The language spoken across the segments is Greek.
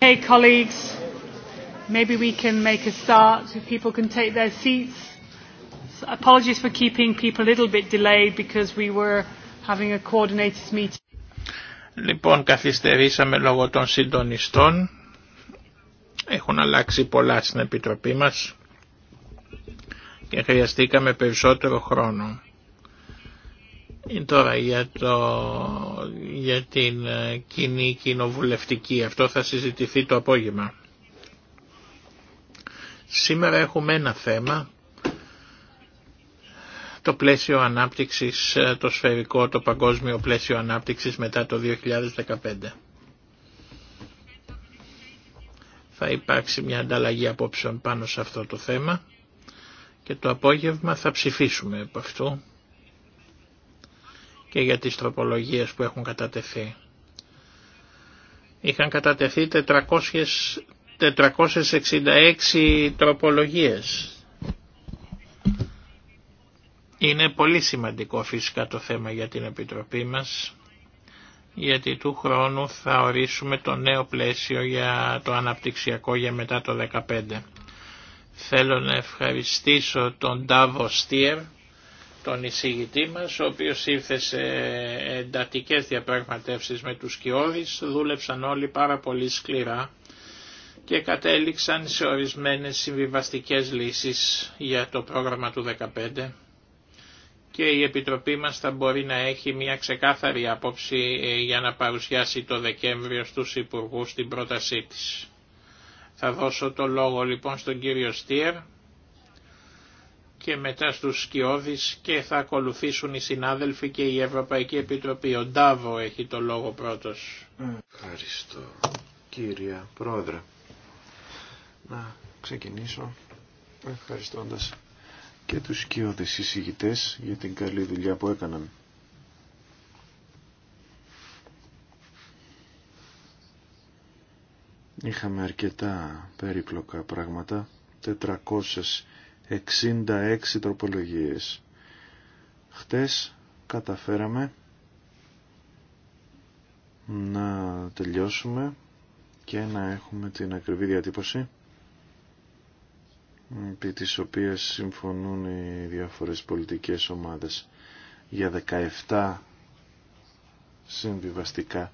hey, colleagues, maybe we can make a start if people can take their seats. So apologies for keeping people a little bit delayed because we were having a coordinated meeting. Λοιπόν, καθυστερήσαμε λόγω των συντονιστών. Έχουν αλλάξει πολλά στην Επιτροπή μας και χρειαστήκαμε περισσότερο χρόνο. Ε, τώρα για, το, για την ε, κοινή κοινοβουλευτική, αυτό θα συζητηθεί το απόγευμα. Σήμερα έχουμε ένα θέμα, το πλαίσιο ανάπτυξης, ε, το σφαιρικό, το παγκόσμιο πλαίσιο ανάπτυξης μετά το 2015. Θα υπάρξει μια ανταλλαγή απόψεων πάνω σε αυτό το θέμα και το απόγευμα θα ψηφίσουμε από αυτού και για τις τροπολογίες που έχουν κατατεθεί. Είχαν κατατεθεί 466 τροπολογίες. Είναι πολύ σημαντικό φυσικά το θέμα για την Επιτροπή μας, γιατί του χρόνου θα ορίσουμε το νέο πλαίσιο για το αναπτυξιακό για μετά το 2015. Θέλω να ευχαριστήσω τον Ντάβο Στίερ, τον εισηγητή μας, ο οποίος ήρθε σε εντατικές διαπραγματεύσεις με τους Κιώδης, δούλεψαν όλοι πάρα πολύ σκληρά και κατέληξαν σε ορισμένες συμβιβαστικές λύσεις για το πρόγραμμα του 2015 και η Επιτροπή μας θα μπορεί να έχει μια ξεκάθαρη άποψη ε, για να παρουσιάσει το Δεκέμβριο στους Υπουργούς την πρότασή της. Θα δώσω το λόγο λοιπόν στον κύριο Στίερ και μετά στους Σκιώδης και θα ακολουθήσουν οι συνάδελφοι και η Ευρωπαϊκή Επιτροπή. Ο Ντάβο έχει το λόγο πρώτος. Mm. Ευχαριστώ κύριε Πρόεδρε. Να ξεκινήσω ευχαριστώντας και τους Σκιώδης εισηγητές για την καλή δουλειά που έκαναν. Είχαμε αρκετά περίπλοκα πράγματα, 400 66 τροπολογίες. Χτες καταφέραμε να τελειώσουμε και να έχουμε την ακριβή διατύπωση επί της οποίας συμφωνούν οι διάφορες πολιτικές ομάδες για 17 συμβιβαστικά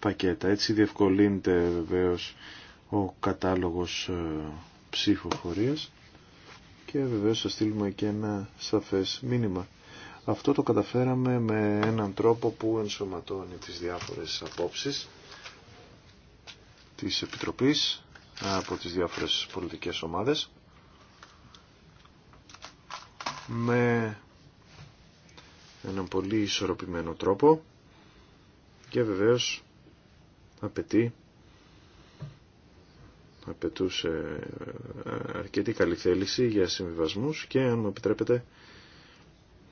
πακέτα. Έτσι διευκολύνεται βεβαίως ο κατάλογος ε, ψηφοφορίας και βεβαίως θα στείλουμε και ένα σαφές μήνυμα. Αυτό το καταφέραμε με έναν τρόπο που ενσωματώνει τις διάφορες απόψεις της Επιτροπής από τις διάφορες πολιτικές ομάδες με έναν πολύ ισορροπημένο τρόπο και βεβαίως απαιτεί απαιτούσε ε, ε, αρκετή καλή θέληση για συμβιβασμούς και αν μου επιτρέπετε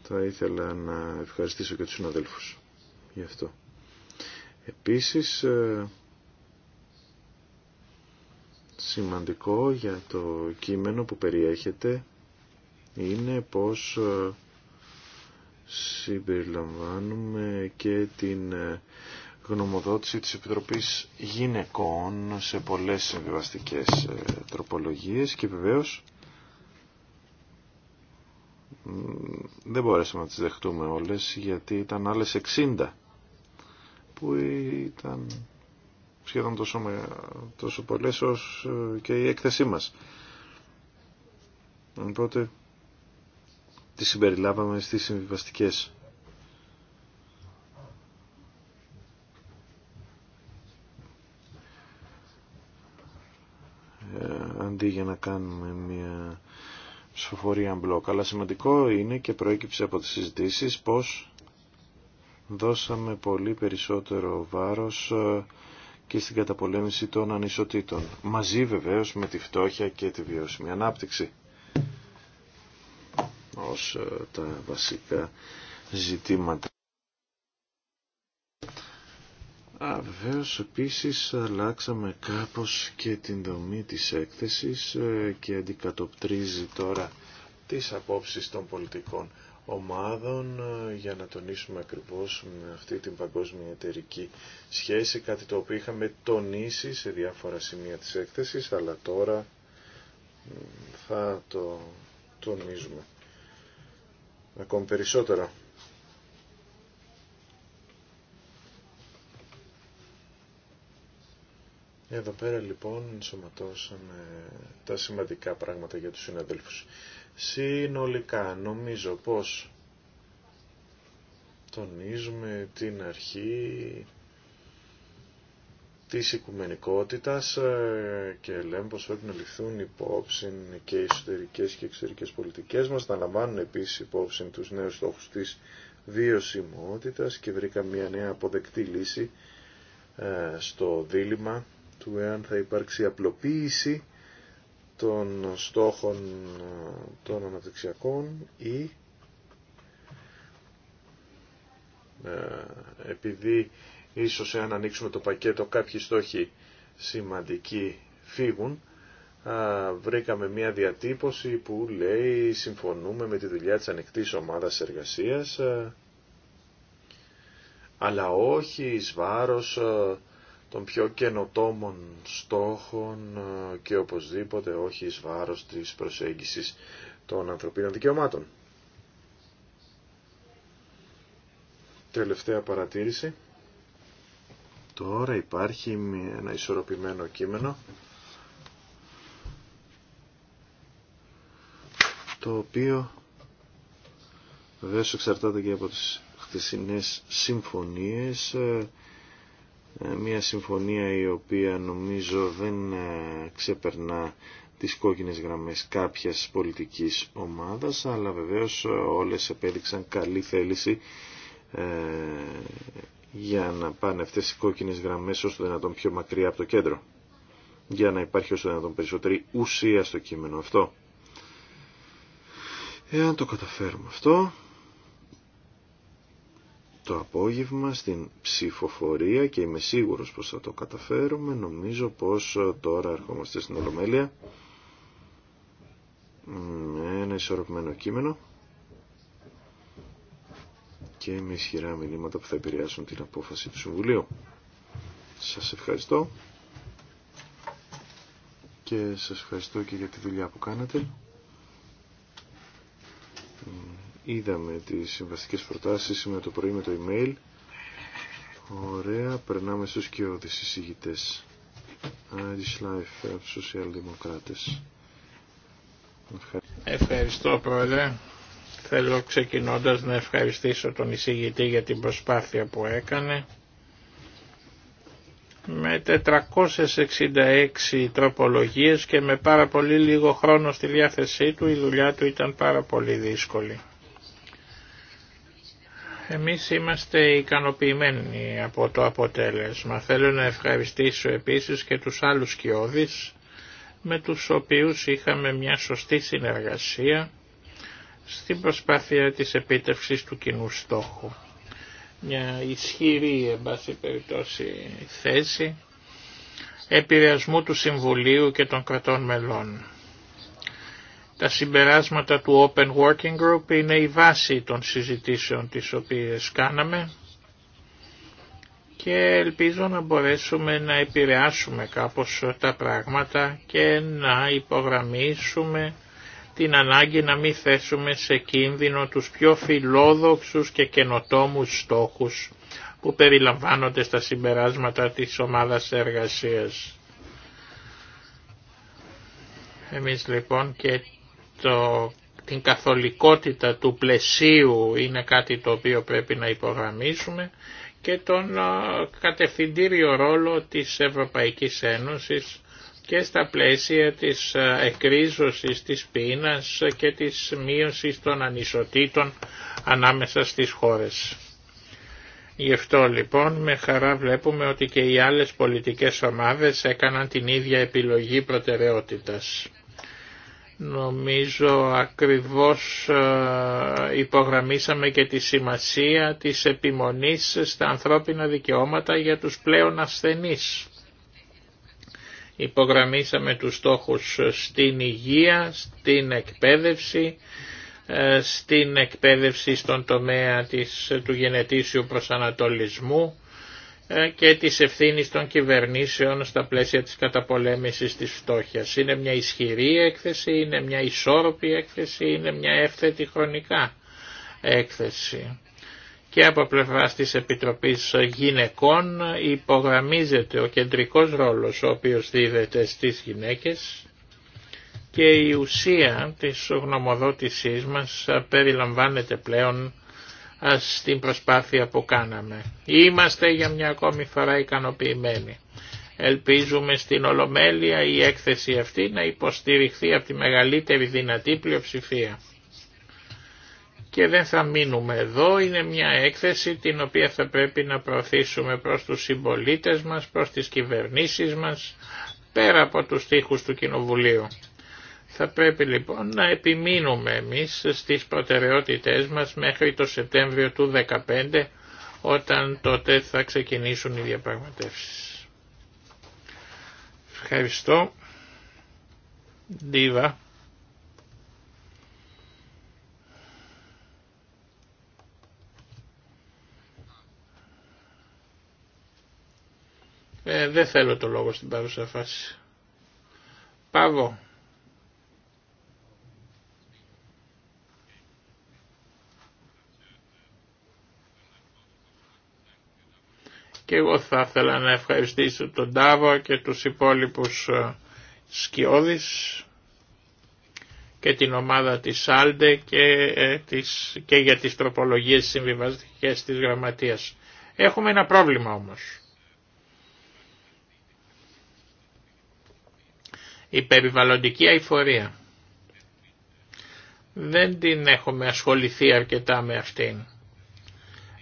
θα ήθελα να ευχαριστήσω και τους συναδέλφους γι' αυτό. Επίσης ε, σημαντικό για το κείμενο που περιέχεται είναι πως συμπεριλαμβάνουμε και την γνωμοδότηση της Επιτροπής Γυναικών σε πολλές συμβιβαστικές ε, τροπολογίες και βεβαίως δεν μπορέσαμε να τις δεχτούμε όλες γιατί ήταν άλλες 60 που ήταν σχεδόν τόσο, με, τόσο πολλές ως ε, και η έκθεσή μας. Οπότε τις συμπεριλάβαμε στις συμβιβαστικές αντί για να κάνουμε μια ψηφοφορία μπλοκ. Αλλά σημαντικό είναι και προέκυψε από τις συζητήσεις πως δώσαμε πολύ περισσότερο βάρος ε, και στην καταπολέμηση των ανισοτήτων. Μαζί βεβαίως με τη φτώχεια και τη βιώσιμη ανάπτυξη ως ε, τα βασικά ζητήματα. Βεβαίω επίσης αλλάξαμε κάπως και την δομή της έκθεσης ε, και αντικατοπτρίζει τώρα τις απόψεις των πολιτικών ομάδων ε, για να τονίσουμε ακριβώς με αυτή την παγκόσμια εταιρική σχέση, κάτι το οποίο είχαμε τονίσει σε διάφορα σημεία της έκθεσης, αλλά τώρα θα το τονίζουμε ακόμη περισσότερο. Εδώ πέρα λοιπόν ενσωματώσαμε τα σημαντικά πράγματα για τους συναδέλφους. Συνολικά νομίζω πως τονίζουμε την αρχή της οικουμενικότητας ε, και λέμε πως πρέπει να ληφθούν υπόψη και οι εσωτερικές και εξωτερικές πολιτικές μας, να λαμβάνουν επίσης υπόψη τους νέους στόχους της βιωσιμότητας και βρήκα μια νέα αποδεκτή λύση ε, στο δίλημα του εάν θα υπάρξει απλοποίηση των στόχων ε, των αναπτυξιακών ή ε, επειδή ίσως εάν ανοίξουμε το πακέτο κάποιοι στόχοι σημαντικοί φύγουν βρήκαμε μια διατύπωση που λέει συμφωνούμε με τη δουλειά της ανοιχτής ομάδας εργασίας ε, αλλά όχι εις βάρος των πιο καινοτόμων στόχων ε, και οπωσδήποτε όχι εις βάρος της προσέγγισης των ανθρωπίνων δικαιωμάτων. Τελευταία παρατήρηση. Τώρα υπάρχει ένα ισορροπημένο κείμενο το οποίο βέβαια εξαρτάται και από τις χτεσινές συμφωνίες ε, ε, μια συμφωνία η οποία νομίζω δεν ε, ξεπερνά τις κόκκινες γραμμές κάποιας πολιτικής ομάδας, αλλά βεβαίως ε, όλες επέδειξαν καλή θέληση για να πάνε αυτές οι κόκκινες γραμμές όσο δυνατόν πιο μακριά από το κέντρο, για να υπάρχει όσο δυνατόν περισσότερη ουσία στο κείμενο αυτό. Εάν το καταφέρουμε αυτό, το απόγευμα στην ψηφοφορία και είμαι σίγουρος πως θα το καταφέρουμε. Νομίζω πως ε, τώρα ερχόμαστε στην Ολομέλεια με ένα ισορροπημένο κείμενο και με ισχυρά μηνύματα που θα επηρεάσουν την απόφαση του Συμβουλίου. Σας ευχαριστώ και σας ευχαριστώ και για τη δουλειά που κάνατε. Είδαμε τις συμβαστικές προτάσεις με το πρωί με το email. Ωραία, περνάμε στους κοιόδης εισηγητές. Irish Life Σοσιαλδημοκράτες. Ευχαριστώ Πρόεδρε. Θέλω ξεκινώντας να ευχαριστήσω τον εισηγητή για την προσπάθεια που έκανε. Με 466 τροπολογίες και με πάρα πολύ λίγο χρόνο στη διάθεσή του η δουλειά του ήταν πάρα πολύ δύσκολη. Εμείς είμαστε ικανοποιημένοι από το αποτέλεσμα. Θέλω να ευχαριστήσω επίσης και τους άλλους κοιόδης με τους οποίους είχαμε μια σωστή συνεργασία στην προσπάθεια της επίτευξης του κοινού στόχου. Μια ισχυρή, εν πάση περιπτώσει, θέση επηρεασμού του Συμβουλίου και των κρατών μελών. Τα συμπεράσματα του Open Working Group είναι η βάση των συζητήσεων τις οποίες κάναμε και ελπίζω να μπορέσουμε να επηρεάσουμε κάπως τα πράγματα και να υπογραμμίσουμε την ανάγκη να μην θέσουμε σε κίνδυνο τους πιο φιλόδοξους και καινοτόμους στόχους που περιλαμβάνονται στα συμπεράσματα της ομάδας εργασίας. Εμείς λοιπόν και το, την καθολικότητα του πλαισίου είναι κάτι το οποίο πρέπει να υπογραμμίσουμε και τον κατευθυντήριο ρόλο της Ευρωπαϊκής Ένωσης και στα πλαίσια της εκρίζωσης της πείνας και της μείωσης των ανισοτήτων ανάμεσα στις χώρες. Γι' αυτό λοιπόν με χαρά βλέπουμε ότι και οι άλλες πολιτικές ομάδες έκαναν την ίδια επιλογή προτεραιότητας. Νομίζω ακριβώς ε, υπογραμμίσαμε και τη σημασία της επιμονής στα ανθρώπινα δικαιώματα για τους πλέον ασθενείς. Υπογραμμίσαμε τους στόχους στην υγεία, στην εκπαίδευση, ε, στην εκπαίδευση στον τομέα της, του γενετήσιου προσανατολισμού ε, και της ευθύνης των κυβερνήσεων στα πλαίσια της καταπολέμησης της φτώχειας. Είναι μια ισχυρή έκθεση, είναι μια ισόρροπη έκθεση, είναι μια εύθετη χρονικά έκθεση. Και από πλευρά της Επιτροπής Γυναικών υπογραμμίζεται ο κεντρικός ρόλος ο οποίος δίδεται στις γυναίκες και η ουσία της γνωμοδότησής μας περιλαμβάνεται πλέον στην προσπάθεια που κάναμε. Είμαστε για μια ακόμη φορά ικανοποιημένοι. Ελπίζουμε στην Ολομέλεια η έκθεση αυτή να υποστηριχθεί από τη μεγαλύτερη δυνατή πλειοψηφία. Και δεν θα μείνουμε εδώ, είναι μια έκθεση την οποία θα πρέπει να προωθήσουμε προς τους συμπολίτε μας, προς τις κυβερνήσεις μας, πέρα από τους στίχους του Κοινοβουλίου. Θα πρέπει λοιπόν να επιμείνουμε εμείς στις προτεραιότητές μας μέχρι το Σεπτέμβριο του 2015 όταν τότε θα ξεκινήσουν οι διαπραγματεύσεις. Ευχαριστώ. Δίβα. Ε, δεν θέλω το λόγο στην παρούσα φάση. Πάβο. και εγώ θα ήθελα να ευχαριστήσω τον Τάβο και τους υπόλοιπους ε, σκιώδης και την ομάδα της Άλντε και, ε, και για τις τροπολογίες συμβιβαστικές της γραμματείας. Έχουμε ένα πρόβλημα όμως. Η περιβαλλοντική αηφορία. Δεν την έχουμε ασχοληθεί αρκετά με αυτήν.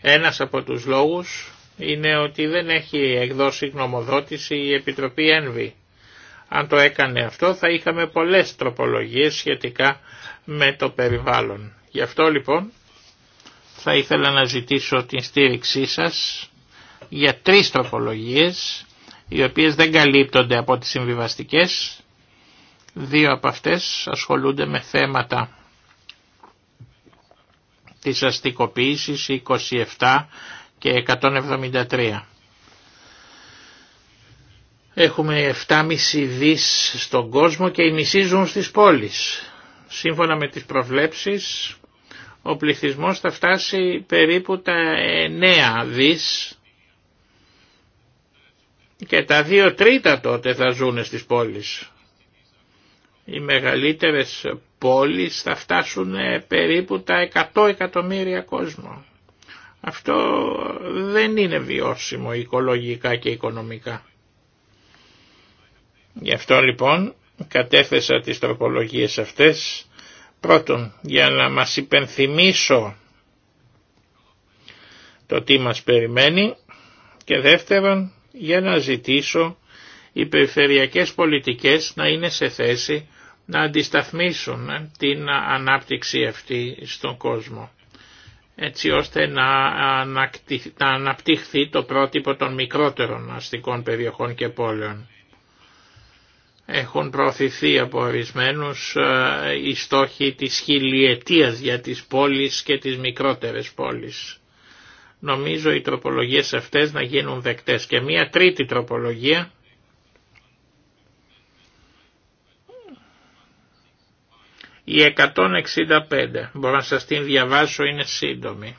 Ένας από τους λόγους είναι ότι δεν έχει εκδώσει γνωμοδότηση η Επιτροπή Ένβη. Αν το έκανε αυτό θα είχαμε πολλές τροπολογίες σχετικά με το περιβάλλον. Γι' αυτό λοιπόν θα ήθελα να ζητήσω την στήριξή σας για τρεις τροπολογίες οι οποίες δεν καλύπτονται από τις συμβιβαστικές. Δύο από αυτές ασχολούνται με θέματα της αστικοποίησης 27 και 173. Έχουμε 7,5 δις στον κόσμο και οι μισοί ζουν στις πόλεις. Σύμφωνα με τις προβλέψεις, ο πληθυσμός θα φτάσει περίπου τα 9 δις και τα 2 τρίτα τότε θα ζουν στις πόλεις. Οι μεγαλύτερες πόλεις θα φτάσουν περίπου τα 100 εκατομμύρια κόσμο. Αυτό δεν είναι βιώσιμο οικολογικά και οικονομικά. Γι' αυτό λοιπόν κατέθεσα τις τροπολογίες αυτές πρώτον για να μας υπενθυμίσω το τι μας περιμένει και δεύτερον για να ζητήσω οι περιφερειακές πολιτικές να είναι σε θέση να αντισταθμίσουν την ανάπτυξη αυτή στον κόσμο έτσι ώστε να, να αναπτυχθεί το πρότυπο των μικρότερων αστικών περιοχών και πόλεων. Έχουν προωθηθεί από ορισμένου ε, οι στόχοι της χιλιετίας για τις πόλεις και τις μικρότερες πόλεις. Νομίζω οι τροπολογίες αυτές να γίνουν δεκτές και μία τρίτη τροπολογία Η 165, μπορώ να σας την διαβάσω, είναι σύντομη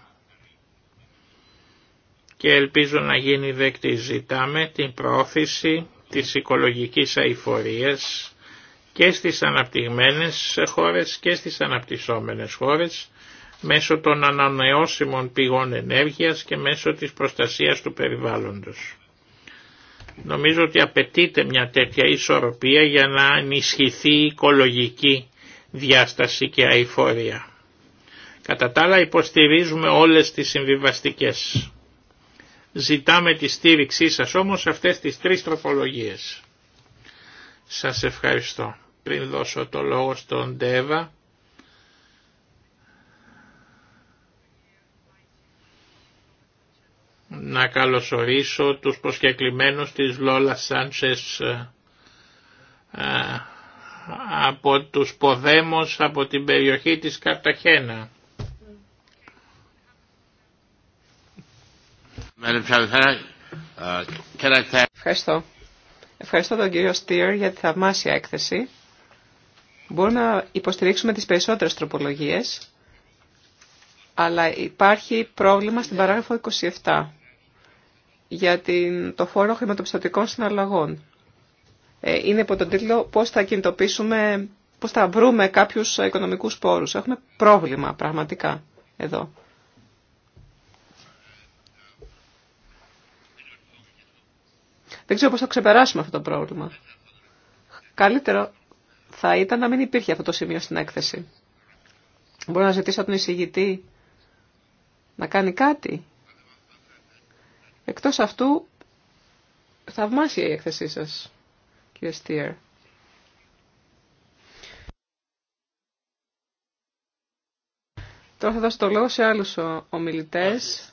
και ελπίζω να γίνει δεκτή. Ζητάμε την προώθηση της οικολογικής αηφορίας και στις αναπτυγμένες χώρες και στις αναπτυσσόμενες χώρες μέσω των ανανεώσιμων πηγών ενέργειας και μέσω της προστασίας του περιβάλλοντος. Νομίζω ότι απαιτείται μια τέτοια ισορροπία για να ενισχυθεί η οικολογική διάσταση και αηφόρια. Κατά τα άλλα υποστηρίζουμε όλες τις συμβιβαστικές. Ζητάμε τη στήριξή σας όμως αυτές τις τρεις τροπολογίες. Σας ευχαριστώ. Πριν δώσω το λόγο στον Τέβα, να καλωσορίσω τους προσκεκλημένους της Λόλα Σάντσες ε, ε, από τους ποδέμους από την περιοχή της Καρταχένα. Ευχαριστώ. Ευχαριστώ τον κύριο Στήρ για τη θαυμάσια έκθεση. Μπορούμε να υποστηρίξουμε τις περισσότερες τροπολογίες, αλλά υπάρχει πρόβλημα στην παράγραφο 27 για την, το φόρο χρηματοπιστωτικών συναλλαγών. Ε, είναι υπό τον τίτλο «Πώς θα κινητοποιήσουμε, πώς θα βρούμε κάποιους οικονομικούς πόρους». Έχουμε πρόβλημα πραγματικά εδώ. Δεν ξέρω πώς θα ξεπεράσουμε αυτό το πρόβλημα. Καλύτερο θα ήταν να μην υπήρχε αυτό το σημείο στην έκθεση. Μπορώ να ζητήσω από τον εισηγητή να κάνει κάτι. Εκτός αυτού, θαυμάσια η έκθεσή σας. Κύριε Τώρα θα δώσω το λόγο σε άλλους ομιλητές.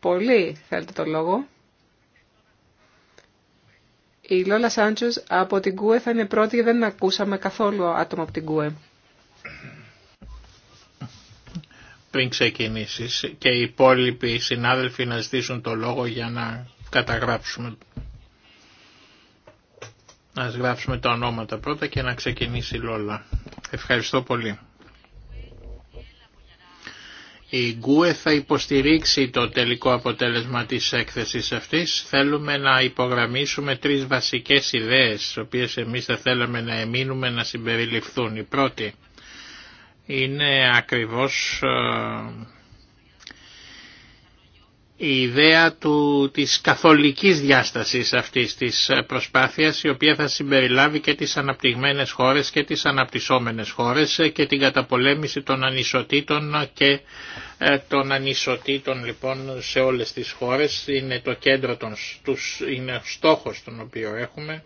Πολύ θέλετε το λόγο. Η Λόλα Σάντζος από την ΚΟΕ θα είναι πρώτη γιατί δεν ακούσαμε καθόλου άτομα από την ΚΟΕ. Πριν ξεκινήσεις και οι υπόλοιποι συνάδελφοι να ζητήσουν το λόγο για να καταγράψουμε Ας γράψουμε τα ονόματα πρώτα και να ξεκινήσει η Λόλα. Ευχαριστώ πολύ. Η Γκουε θα υποστηρίξει το τελικό αποτέλεσμα της έκθεσης αυτής. Θέλουμε να υπογραμμίσουμε τρεις βασικές ιδέες, τις οποίες εμείς θα θέλαμε να εμείνουμε να συμπεριληφθούν. Η πρώτη είναι ακριβώς ε, η ιδέα του, της καθολικής διάστασης αυτής της προσπάθειας η οποία θα συμπεριλάβει και τις αναπτυγμένες χώρες και τις αναπτυσσόμενες χώρες και την καταπολέμηση των ανισοτήτων και ε, των ανισοτήτων λοιπόν σε όλες τις χώρες είναι το κέντρο των, τους, είναι ο στόχος τον οποίο έχουμε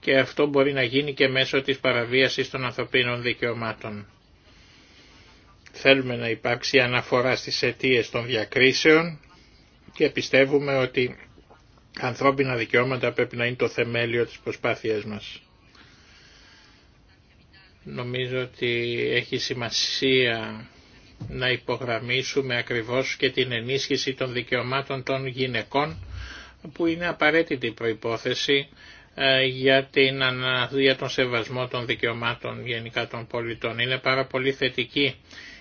και αυτό μπορεί να γίνει και μέσω της παραβίασης των ανθρωπίνων δικαιωμάτων. Θέλουμε να υπάρξει αναφορά στις αιτίες των διακρίσεων και πιστεύουμε ότι ανθρώπινα δικαιώματα πρέπει να είναι το θεμέλιο της προσπάθειας μας. Νομίζω ότι έχει σημασία να υπογραμμίσουμε ακριβώς και την ενίσχυση των δικαιωμάτων των γυναικών που είναι απαραίτητη προϋπόθεση ε, για, την, για τον σεβασμό των δικαιωμάτων γενικά των πολιτών. Είναι πάρα πολύ θετική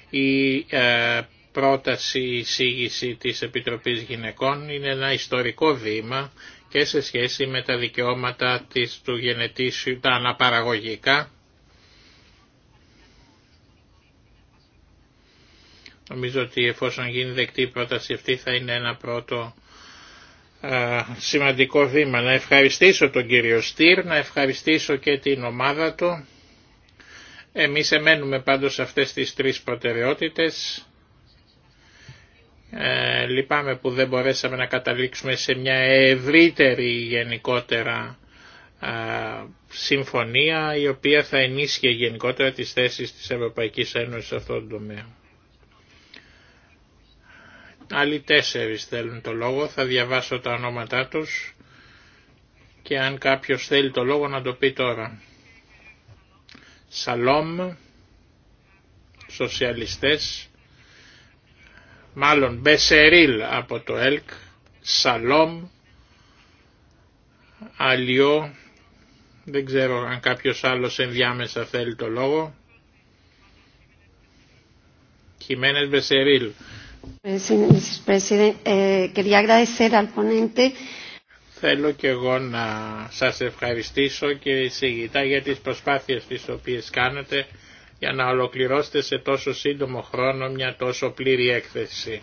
η ε, πρόταση η εισήγηση της Επιτροπής Γυναικών είναι ένα ιστορικό βήμα και σε σχέση με τα δικαιώματα της, του γενετήσιου, τα αναπαραγωγικά. Νομίζω ότι εφόσον γίνει δεκτή η πρόταση αυτή θα είναι ένα πρώτο σημαντικό βήμα. Να ευχαριστήσω τον κύριο Στήρ, να ευχαριστήσω και την ομάδα του. Εμείς εμένουμε πάντως αυτές τις τρεις προτεραιότητες ε, λυπάμαι που δεν μπορέσαμε να καταλήξουμε σε μια ευρύτερη γενικότερα ε, συμφωνία η οποία θα ενίσχυε γενικότερα τις θέσεις της Ευρωπαϊκής Ένωσης σε αυτόν τον τομέα. Άλλοι τέσσερις θέλουν το λόγο, θα διαβάσω τα ονόματά τους και αν κάποιος θέλει το λόγο να το πει τώρα. Σαλόμ, σοσιαλιστές, μάλλον Μπεσερίλ από το ΕΛΚ, Σαλόμ, Αλιό, δεν ξέρω αν κάποιος άλλος ενδιάμεσα θέλει το λόγο. Χιμένες Μπεσερίλ. Ε, Θέλω και εγώ να σας ευχαριστήσω και εισηγητά για τις προσπάθειες τις οποίες κάνετε για να ολοκληρώσετε σε τόσο σύντομο χρόνο μια τόσο πλήρη έκθεση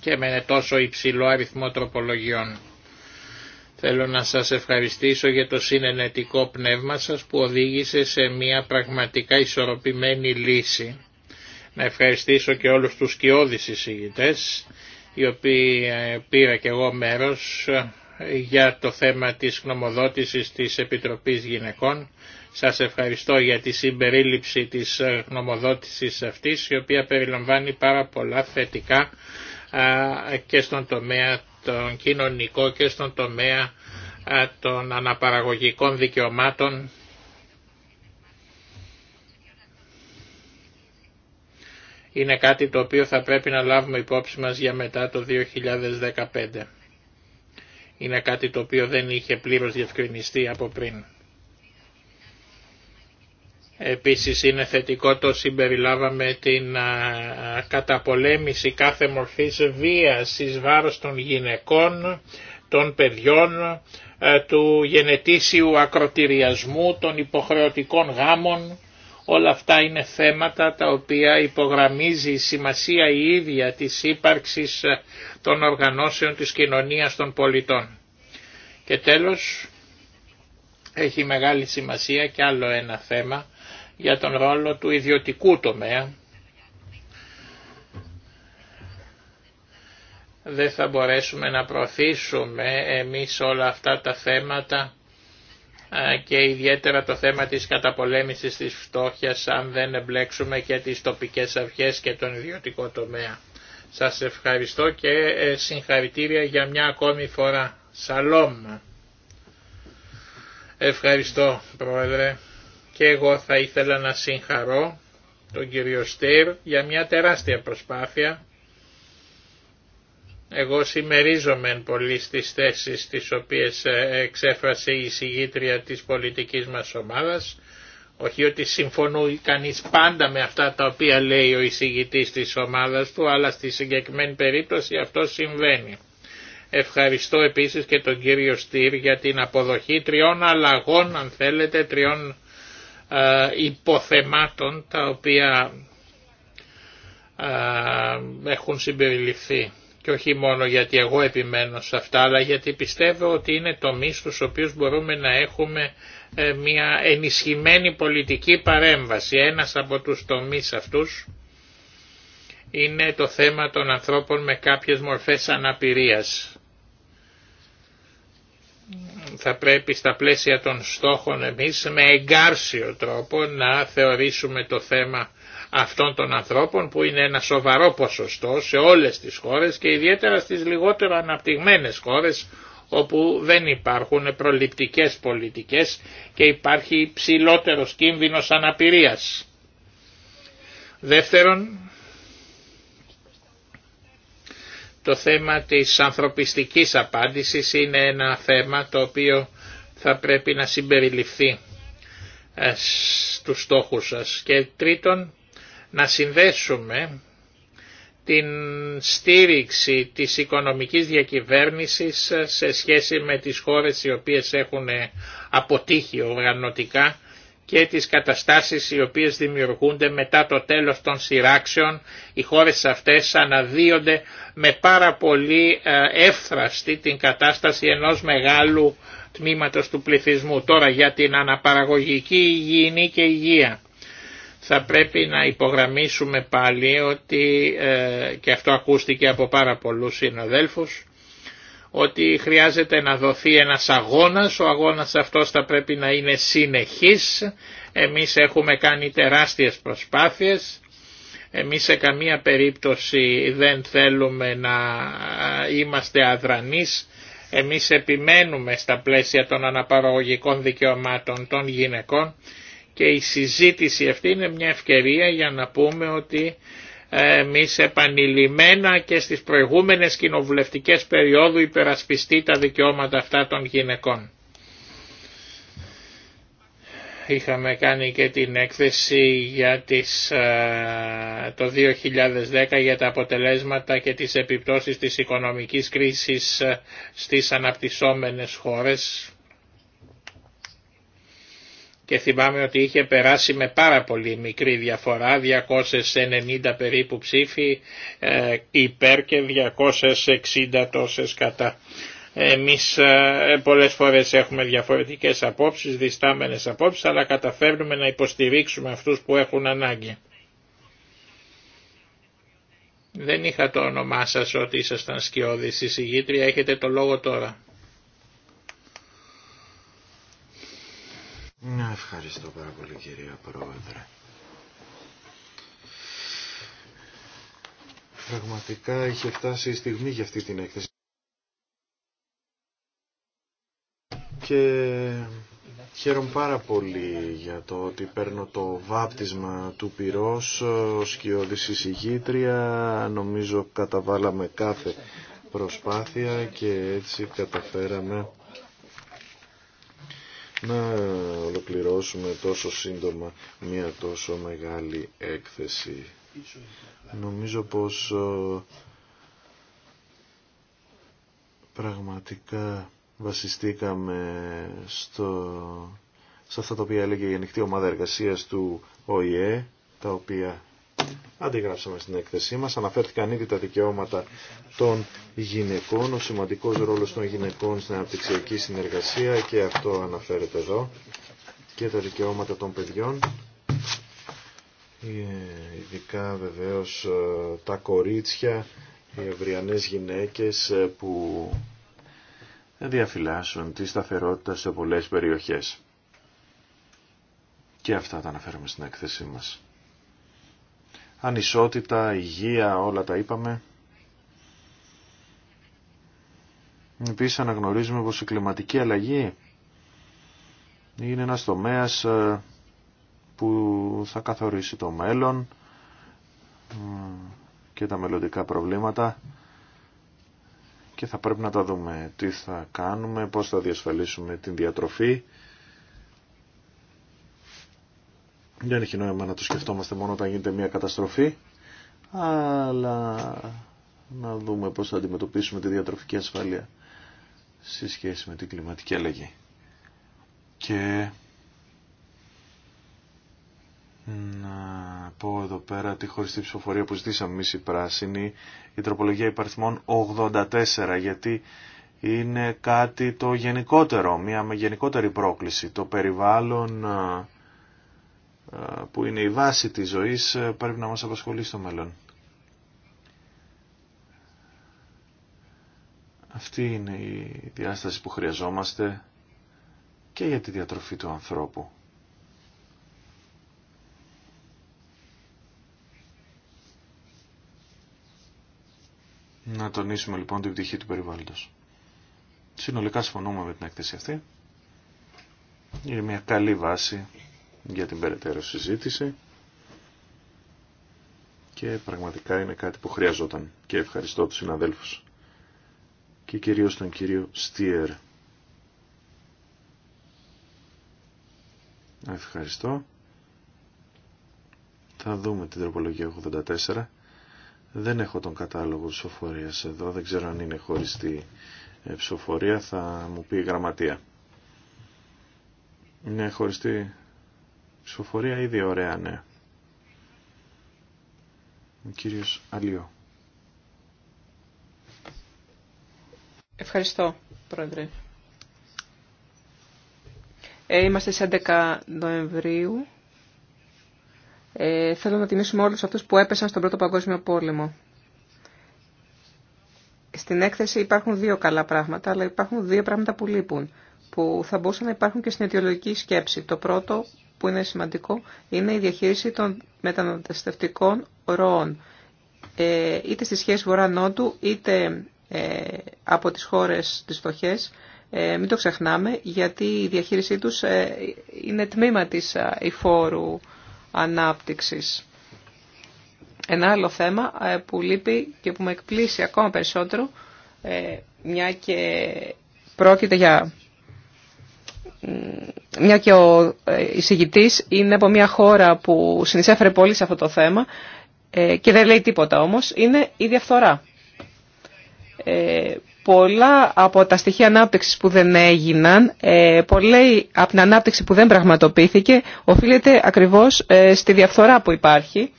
και με τόσο υψηλό αριθμό τροπολογιών. Θέλω να σας ευχαριστήσω για το συνενετικό πνεύμα σας που οδήγησε σε μια πραγματικά ισορροπημένη λύση. Να ευχαριστήσω και όλους τους κοιόδης εισηγητές, οι οποίοι ε, πήρα και εγώ μέρος ε, για το θέμα της γνωμοδότησης της Επιτροπής Γυναικών. Σας ευχαριστώ για τη συμπερίληψη της ε, γνωμοδότησης αυτής, η οποία περιλαμβάνει πάρα πολλά θετικά και στον τομέα τον κοινωνικό και στον τομέα των αναπαραγωγικών δικαιωμάτων είναι κάτι το οποίο θα πρέπει να λάβουμε υπόψη μας για μετά το 2015. Είναι κάτι το οποίο δεν είχε πλήρως διευκρινιστεί από πριν. Επίσης είναι θετικό το συμπεριλάβαμε την καταπολέμηση κάθε μορφής βίας εις βάρος των γυναικών, των παιδιών, του γενετήσιου ακροτηριασμού, των υποχρεωτικών γάμων. Όλα αυτά είναι θέματα τα οποία υπογραμμίζει η σημασία η ίδια της ύπαρξης των οργανώσεων της κοινωνίας των πολιτών. Και τέλος, έχει μεγάλη σημασία και άλλο ένα θέμα για τον ρόλο του ιδιωτικού τομέα. Δεν θα μπορέσουμε να προωθήσουμε εμείς όλα αυτά τα θέματα και ιδιαίτερα το θέμα της καταπολέμησης της φτώχειας αν δεν εμπλέξουμε και τις τοπικές αρχές και τον ιδιωτικό τομέα. Σας ευχαριστώ και ε, συγχαρητήρια για μια ακόμη φορά. Σαλόμ. Ευχαριστώ Πρόεδρε και εγώ θα ήθελα να συγχαρώ τον κύριο Στήρ για μια τεράστια προσπάθεια. Εγώ συμμερίζομαι πολύ στις θέσεις τις οποίες ε, εξέφρασε η συγγήτρια της πολιτικής μας ομάδας. Όχι ότι συμφωνούν κανείς πάντα με αυτά τα οποία λέει ο εισηγητής της ομάδας του, αλλά στη συγκεκριμένη περίπτωση αυτό συμβαίνει. Ευχαριστώ επίσης και τον κύριο Στήρ για την αποδοχή τριών αλλαγών, αν θέλετε, τριών ε, υποθεμάτων τα οποία ε, έχουν συμπεριληφθεί. Και όχι μόνο γιατί εγώ επιμένω σε αυτά, αλλά γιατί πιστεύω ότι είναι τομεί στους οποίους μπορούμε να έχουμε ε, μια ενισχυμένη πολιτική παρέμβαση. Ένας από τους τομείς αυτούς είναι το θέμα των ανθρώπων με κάποιες μορφές αναπηρίας θα πρέπει στα πλαίσια των στόχων εμείς με εγκάρσιο τρόπο να θεωρήσουμε το θέμα αυτών των ανθρώπων που είναι ένα σοβαρό ποσοστό σε όλες τις χώρες και ιδιαίτερα στις λιγότερο αναπτυγμένες χώρες όπου δεν υπάρχουν προληπτικές πολιτικές και υπάρχει ψηλότερος κίνδυνος αναπηρίας. Δεύτερον, Το θέμα της ανθρωπιστικής απάντησης είναι ένα θέμα το οποίο θα πρέπει να συμπεριληφθεί ε, στους στόχους σας. Και τρίτον, να συνδέσουμε την στήριξη της οικονομικής διακυβέρνησης ε, σε σχέση με τις χώρες οι οποίες έχουν ε, αποτύχει οργανωτικά και τις καταστάσεις οι οποίες δημιουργούνται μετά το τέλος των σειράξεων. Οι χώρες αυτές αναδύονται με πάρα πολύ ε, εύθραστη την κατάσταση ενός μεγάλου τμήματος του πληθυσμού. Τώρα για την αναπαραγωγική υγιεινή και υγεία. Θα πρέπει να υπογραμμίσουμε πάλι ότι, ε, και αυτό ακούστηκε από πάρα πολλούς συναδέλφους, ότι χρειάζεται να δοθεί ένας αγώνας, ο αγώνας αυτός θα πρέπει να είναι συνεχής, εμείς έχουμε κάνει τεράστιες προσπάθειες, εμείς σε καμία περίπτωση δεν θέλουμε να είμαστε αδρανείς, εμείς επιμένουμε στα πλαίσια των αναπαραγωγικών δικαιωμάτων των γυναικών και η συζήτηση αυτή είναι μια ευκαιρία για να πούμε ότι εμείς επανειλημμένα και στις προηγούμενες κοινοβουλευτικές περιόδου υπερασπιστεί τα δικαιώματα αυτά των γυναικών. Είχαμε κάνει και την έκθεση για τις, ε, το 2010 για τα αποτελέσματα και τις επιπτώσεις της οικονομικής κρίσης ε, στις αναπτυσσόμενες χώρες και θυμάμαι ότι είχε περάσει με πάρα πολύ μικρή διαφορά, 290 περίπου ψήφοι ε, υπέρ και 260 τόσες κατά. Εμείς ε, πολλές φορές έχουμε διαφορετικές απόψεις, διστάμενες απόψεις, αλλά καταφέρνουμε να υποστηρίξουμε αυτούς που έχουν ανάγκη. Δεν είχα το όνομά σας ότι ήσασταν σκιώδης εισηγήτρια, έχετε το λόγο τώρα. Να ευχαριστώ πάρα πολύ κυρία Πρόεδρε. Πραγματικά είχε φτάσει η στιγμή για αυτή την έκθεση. Και χαίρομαι πάρα πολύ για το ότι παίρνω το βάπτισμα του πυρός ως κοιόδηση εισηγήτρια. Νομίζω καταβάλαμε κάθε προσπάθεια και έτσι καταφέραμε να ολοκληρώσουμε τόσο σύντομα μια τόσο μεγάλη έκθεση. Νομίζω πως ε, πραγματικά βασιστήκαμε στο, σε αυτά τα οποία έλεγε η ανοιχτή ομάδα εργασίας του ΟΗΕ, τα οποία αντιγράψαμε στην έκθεσή μας. Αναφέρθηκαν ήδη τα δικαιώματα των γυναικών, ο σημαντικός ρόλος των γυναικών στην αναπτυξιακή συνεργασία και αυτό αναφέρεται εδώ και τα δικαιώματα των παιδιών. Ε, ειδικά βεβαίως ε, τα κορίτσια, οι ευριανές γυναίκες ε, που διαφυλάσσουν τη σταθερότητα σε πολλές περιοχές. Και αυτά τα αναφέρουμε στην έκθεσή μας ανισότητα, υγεία, όλα τα είπαμε. Επίσης αναγνωρίζουμε πως η κλιματική αλλαγή είναι ένας τομέας ε, που θα καθορίσει το μέλλον ε, και τα μελλοντικά προβλήματα και θα πρέπει να τα δούμε τι θα κάνουμε, πώς θα διασφαλίσουμε την διατροφή Δεν έχει νόημα να το σκεφτόμαστε μόνο όταν γίνεται μια καταστροφή, αλλά να δούμε πώς θα αντιμετωπίσουμε τη διατροφική ασφάλεια σε σχέση με την κλιματική αλλαγή. Και να πω εδώ πέρα τη χωριστή ψηφοφορία που ζητήσαμε εμείς οι πράσινοι, η τροπολογία υπαριθμών 84, γιατί είναι κάτι το γενικότερο, μια γενικότερη πρόκληση. Το περιβάλλον που είναι η βάση της ζωής ε, πρέπει να μας απασχολεί στο μέλλον. Αυτή είναι η διάσταση που χρειαζόμαστε και για τη διατροφή του ανθρώπου. Να τονίσουμε λοιπόν την πτυχή του περιβάλλοντος. Συνολικά συμφωνούμε με την έκθεση αυτή. Είναι μια καλή βάση για την περαιτέρω συζήτηση και πραγματικά είναι κάτι που χρειαζόταν και ευχαριστώ τους συναδέλφους και κυρίως τον κύριο Στίερ. Ευχαριστώ. Θα δούμε την τροπολογία 84. Δεν έχω τον κατάλογο ψηφοφορίας εδώ, δεν ξέρω αν είναι χωριστή ε, ψηφοφορία, θα μου πει η γραμματεία. Είναι χωριστή ψηφοφορία ήδη ωραία, ναι. Ο κύριος Αλλιώ. Ευχαριστώ, Πρόεδρε. Ε, είμαστε στις 11 Νοεμβρίου. Ε, θέλω να τιμήσουμε όλους αυτούς που έπεσαν στον Πρώτο Παγκόσμιο Πόλεμο. Στην έκθεση υπάρχουν δύο καλά πράγματα, αλλά υπάρχουν δύο πράγματα που λείπουν, που θα μπορούσαν να υπάρχουν και στην αιτιολογική σκέψη. Το πρώτο που είναι σημαντικό είναι η διαχείριση των μεταναστευτικών ροών. Ε, είτε στις σχέσεις βορρά-νότου, είτε ε, από τις χώρες της φτωχές. Ε, μην το ξεχνάμε, γιατί η διαχείρισή τους είναι τμήμα της υφόρου ανάπτυξης. Ένα άλλο θέμα που λείπει και που με εκπλήσει ακόμα περισσότερο, μια και πρόκειται για μια και ο ε, εισηγητή είναι από μια χώρα που συνεισέφερε πολύ σε αυτό το θέμα ε, και δεν λέει τίποτα όμως, είναι η διαφθορά. Ε, πολλά από τα στοιχεία ανάπτυξης που δεν έγιναν, πολλά από την ανάπτυξη που δεν πραγματοποιήθηκε, οφείλεται ακριβώς στη διαφθορά που υπάρχει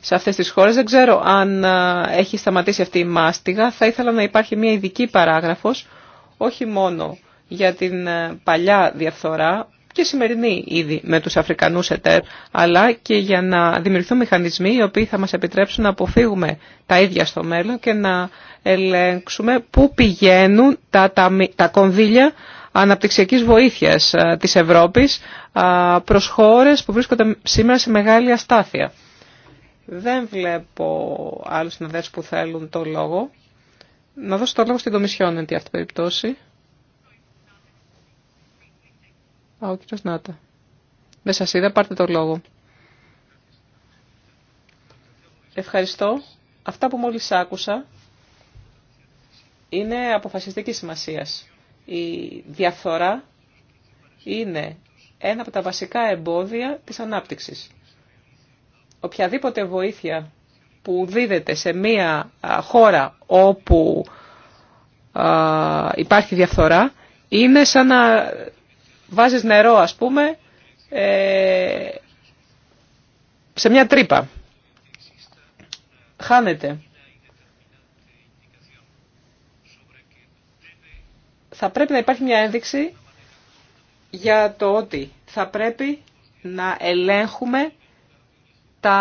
σε αυτές τις χώρες. Δεν ξέρω αν έχει σταματήσει αυτή η μάστιγα. Θα ήθελα να υπάρχει μια ειδική παράγραφος, όχι μόνο για την ε, παλιά διαφθορά και σημερινή ήδη με τους Αφρικανούς ΕΤΕΡ αλλά και για να δημιουργηθούν μηχανισμοί οι οποίοι θα μας επιτρέψουν να αποφύγουμε τα ίδια στο μέλλον και να ελέγξουμε πού πηγαίνουν τα, τα, τα κονδύλια αναπτυξιακής βοήθειας ε, της Ευρώπης ε, προς χώρες που βρίσκονται σήμερα σε μεγάλη αστάθεια. Δεν βλέπω άλλους συναδέλφους που θέλουν το λόγο. Να δώσω το λόγο στην Κομισιόν, εν αυτή περιπτώσει. Α, ο Νάτα. Δεν σας είδα, πάρτε το λόγο. Ευχαριστώ. Αυτά που μόλις άκουσα είναι αποφασιστική σημασίας. Η διαφθορά είναι ένα από τα βασικά εμπόδια της ανάπτυξης. Οποιαδήποτε βοήθεια που δίδεται σε μία χώρα όπου υπάρχει διαφθορά είναι σαν να βάζεις νερό ας πούμε ε, σε μια τρύπα. Χάνεται. Θα πρέπει να υπάρχει μια ένδειξη για το ότι θα πρέπει να ελέγχουμε τα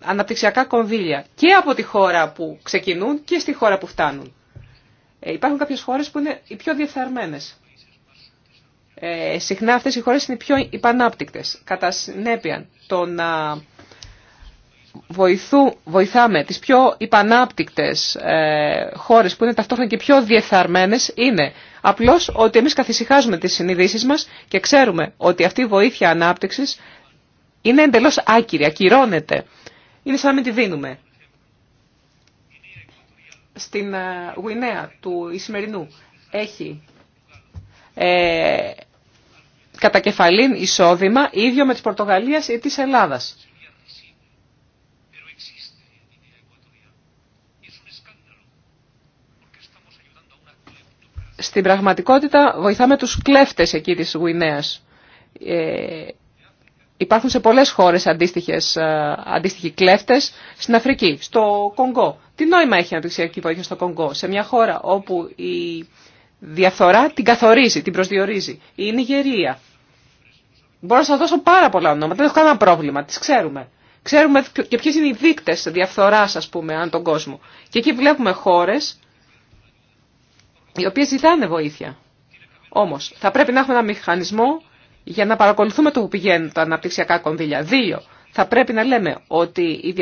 αναπτυξιακά κονδύλια και από τη χώρα που ξεκινούν και στη χώρα που φτάνουν. Ε, υπάρχουν κάποιες χώρες που είναι οι πιο διεφθαρμένες. Ε, συχνά αυτές οι χώρες είναι πιο υπανάπτυκτες. Κατά συνέπεια, το να βοηθού, βοηθάμε τις πιο υπανάπτυκτες ε, χώρες που είναι ταυτόχρονα και πιο διεθαρμένες είναι απλώς ότι εμείς καθησυχάζουμε τις συνειδήσεις μας και ξέρουμε ότι αυτή η βοήθεια ανάπτυξης είναι εντελώς άκυρη, ακυρώνεται. Είναι σαν να μην τη δίνουμε. Στην ε, Γουινέα του Ισημερινού έχει ε, Κατά κεφαλήν, εισόδημα ίδιο με της Πορτογαλίας ή της Ελλάδας. Στην πραγματικότητα βοηθάμε τους κλέφτες εκεί της Γουινέας. Ε, υπάρχουν σε πολλές χώρες αντίστοιχες, ε, αντίστοιχοι κλέφτες στην Αφρική, στο Κονγκό. Τι νόημα έχει η αναπτυξιακή υπαρχουν σε πολλες χωρες αντιστοιχες αντιστοιχοι κλεφτες στην αφρικη στο Κονγκό, σε μια χώρα όπου η διαφθορά την καθορίζει, την προσδιορίζει. Η Νιγερία. Μπορώ να σα δώσω πάρα πολλά ονόματα, δεν έχω κανένα πρόβλημα, τι ξέρουμε. Ξέρουμε και ποιε είναι οι δείκτε διαφθορά, ας πούμε, αν τον κόσμο. Και εκεί βλέπουμε χώρες οι οποίες ζητάνε βοήθεια. Όμως, θα πρέπει να έχουμε ένα μηχανισμό για να παρακολουθούμε το που πηγαίνουν τα αναπτυξιακά κονδύλια. Δύο, θα πρέπει να λέμε ότι η,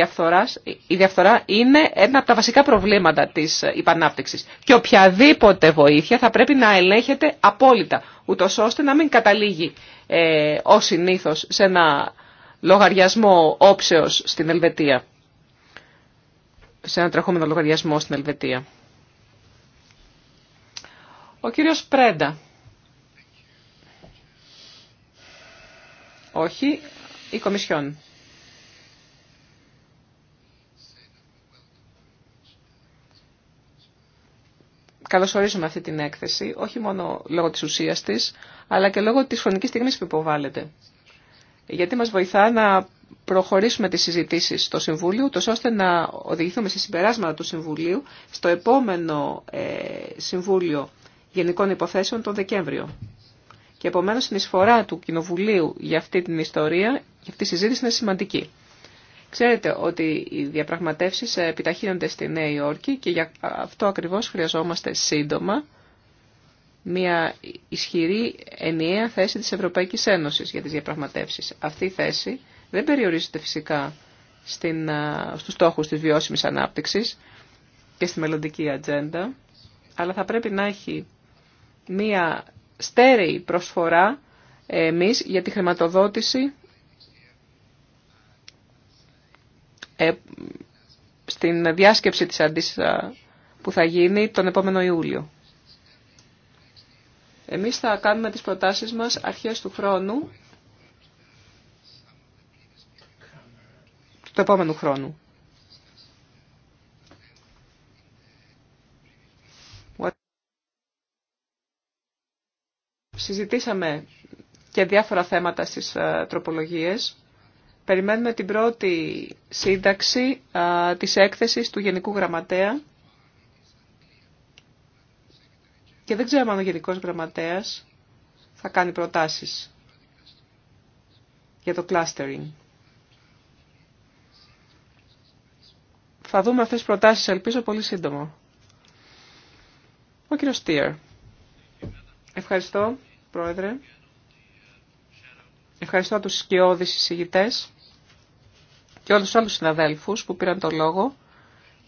διαφθορά είναι ένα από τα βασικά προβλήματα της υπανάπτυξης. Και οποιαδήποτε βοήθεια θα πρέπει να ελέγχεται απόλυτα, ούτω ώστε να μην καταλήγει ε, ως συνήθως σε ένα λογαριασμό όψεως στην Ελβετία. Σε ένα τρεχόμενο λογαριασμό στην Ελβετία. Ο κύριος Πρέντα. Όχι, η Κομισιόν. καλωσορίζουμε αυτή την έκθεση, όχι μόνο λόγω της ουσίας της, αλλά και λόγω της χρονικής στιγμής που υποβάλλεται. Γιατί μας βοηθά να προχωρήσουμε τις συζητήσεις στο Συμβούλιο, τόσο ώστε να οδηγηθούμε σε συμπεράσματα του Συμβουλίου στο επόμενο ε, Συμβούλιο Γενικών Υποθέσεων τον Δεκέμβριο. Και επομένως η εισφορά του Κοινοβουλίου για αυτή την ιστορία, για αυτή τη συζήτηση είναι σημαντική. Ξέρετε ότι οι διαπραγματεύσεις ε, επιταχύνονται στη Νέα Υόρκη και για αυτό ακριβώς χρειαζόμαστε σύντομα μια ισχυρή ενιαία θέση της Ευρωπαϊκής Ένωσης για τις διαπραγματεύσεις. Αυτή η θέση δεν περιορίζεται φυσικά στην, ε, στους στόχους της βιώσιμης ανάπτυξης και στη μελλοντική ατζέντα, αλλά θα πρέπει να έχει μια στέρεη προσφορά ε, εμείς για τη χρηματοδότηση Ε, στην διάσκεψη της Αντίς που θα γίνει τον επόμενο Ιούλιο. Εμείς θα κάνουμε τις προτάσεις μας αρχές του χρόνου, του επόμενου χρόνου. Συζητήσαμε και διάφορα θέματα στις ε, τροπολογίες. Περιμένουμε την πρώτη σύνταξη της έκθεσης του Γενικού Γραμματέα και δεν ξέρω αν ο Γενικός Γραμματέας θα κάνει προτάσεις για το clustering. Θα δούμε αυτές τις προτάσεις, ελπίζω, πολύ σύντομα. Ο κύριος Στίερ. Ευχαριστώ, Πρόεδρε. Ευχαριστώ τους σκιώδεις εισηγητές και όλους όλους τους συναδέλφους που πήραν το λόγο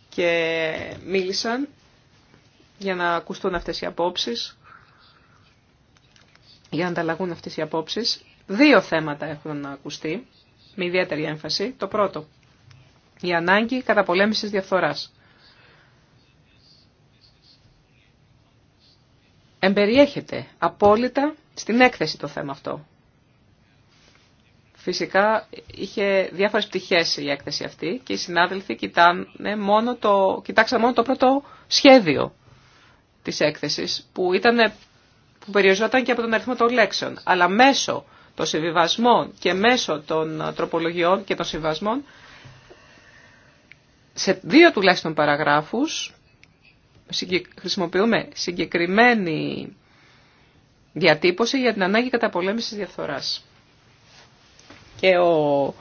και μίλησαν για να ακουστούν αυτές οι απόψεις, για να ανταλλαγούν αυτές οι απόψεις. Δύο θέματα έχουν να ακουστεί, με ιδιαίτερη έμφαση. Το πρώτο, η ανάγκη καταπολέμησης διαφθοράς. Εμπεριέχεται απόλυτα στην έκθεση το θέμα αυτό. Φυσικά είχε διάφορες πτυχές η έκθεση αυτή και οι συνάδελφοι μόνο το, κοιτάξαν μόνο το πρώτο σχέδιο της έκθεσης που, ήταν, που περιοριζόταν και από τον αριθμό των λέξεων. Αλλά μέσω των συμβιβασμών και μέσω των τροπολογιών και των συμβασμών σε δύο τουλάχιστον παραγράφους χρησιμοποιούμε συγκεκριμένη διατύπωση για την ανάγκη καταπολέμησης διαφθοράς και ο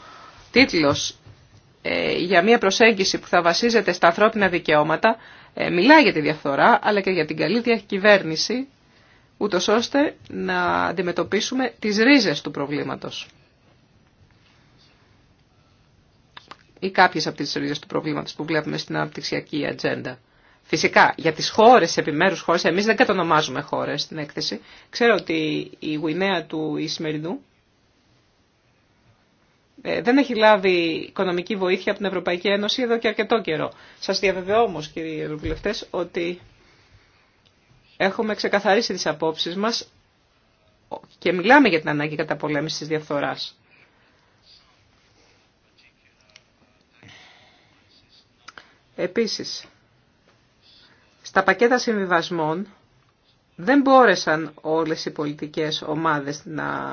τίτλος ε, για μια προσέγγιση που θα βασίζεται στα ανθρώπινα δικαιώματα ε, μιλάει για τη διαφθορά αλλά και για την καλή διακυβέρνηση ούτως ώστε να αντιμετωπίσουμε τις ρίζες του προβλήματος. Ή κάποιες από τις ρίζες του προβλήματος που βλέπουμε στην αναπτυξιακή ατζέντα. Φυσικά, για τις χώρες, επιμέρους χώρες, εμείς δεν κατονομάζουμε χώρες στην έκθεση. Ξέρω ότι η Γουινέα του Ισμερινού ε, δεν έχει λάβει οικονομική βοήθεια από την Ευρωπαϊκή Ένωση εδώ και αρκετό καιρό. Σας διαβεβαιώ όμως κύριοι Ευρωβουλευτές ότι έχουμε ξεκαθαρίσει τις απόψεις μας και μιλάμε για την ανάγκη καταπολέμησης της διαφθοράς. Επίσης, στα πακέτα συμβιβασμών δεν μπόρεσαν όλες οι πολιτικές ομάδες να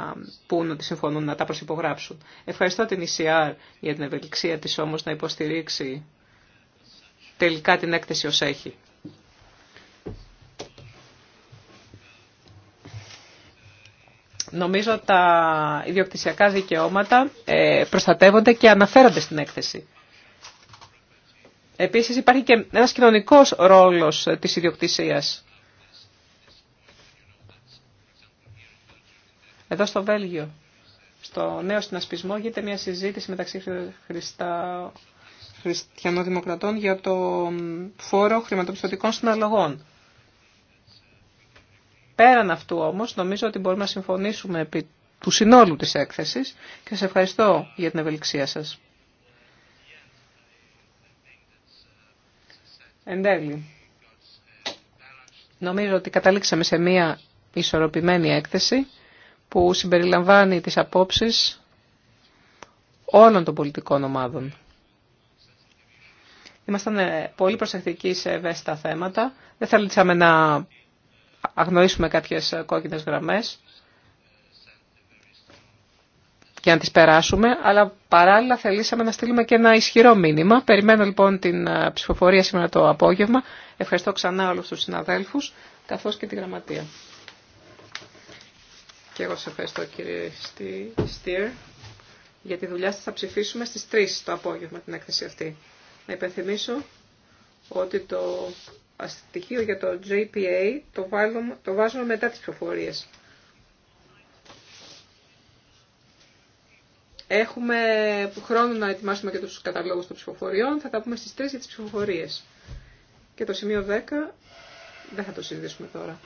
πούν ότι συμφωνούν να τα προσυπογράψουν. Ευχαριστώ την ECR για την ευελιξία της όμως να υποστηρίξει τελικά την έκθεση ως έχει. Νομίζω τα ιδιοκτησιακά δικαιώματα ε, προστατεύονται και αναφέρονται στην έκθεση. Επίσης υπάρχει και ένας κοινωνικός ρόλος της ιδιοκτησίας Εδώ στο Βέλγιο, στο νέο συνασπισμό, γίνεται μια συζήτηση μεταξύ χριστα... χριστιανοδημοκρατών για το φόρο χρηματοπιστωτικών συναλλαγών. Πέραν αυτού όμως, νομίζω ότι μπορούμε να συμφωνήσουμε επί του συνόλου της έκθεσης και σε ευχαριστώ για την ευελιξία σας. Εν τέλει, νομίζω ότι καταλήξαμε σε μία ισορροπημένη έκθεση που συμπεριλαμβάνει τις απόψεις όλων των πολιτικών ομάδων. Ήμασταν ε, πολύ προσεκτικοί σε ευαίσθητα θέματα. Δεν θέλησαμε να αγνοήσουμε κάποιες κόκκινες γραμμές και να τις περάσουμε, αλλά παράλληλα θελήσαμε να στείλουμε και ένα ισχυρό μήνυμα. Περιμένω λοιπόν την ε, ψηφοφορία σήμερα το απόγευμα. Ευχαριστώ ξανά όλους τους συναδέλφους, καθώς και τη γραμματεία. Και εγώ σε ευχαριστώ κύριε Στυρ για τη δουλειά σας. Θα ψηφίσουμε στις 3 το απόγευμα την έκθεση αυτή. Να υπενθυμίσω ότι το στοιχείο για το JPA το, το βάζουμε μετά τις ψηφοφορίες. Έχουμε χρόνο να ετοιμάσουμε και τους καταλόγους των ψηφοφοριών. Θα τα πούμε στις 3 για τις ψηφοφορίες. Και το σημείο 10 δεν θα το συζητήσουμε τώρα.